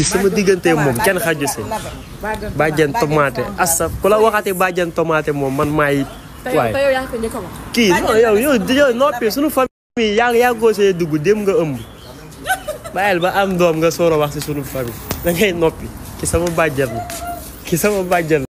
sama diggante moom kenn xaju si bàjjan tomate asa ku la waxatee bàjjan tomate moom man maay waaye kii non yow noppi suñu famille yaa yàggoo see dugg dem nga ëmb bàyyil ba am doom nga soor a wax si suñu famille da ngay noppi ki sama bàjjan ki sama bàjjan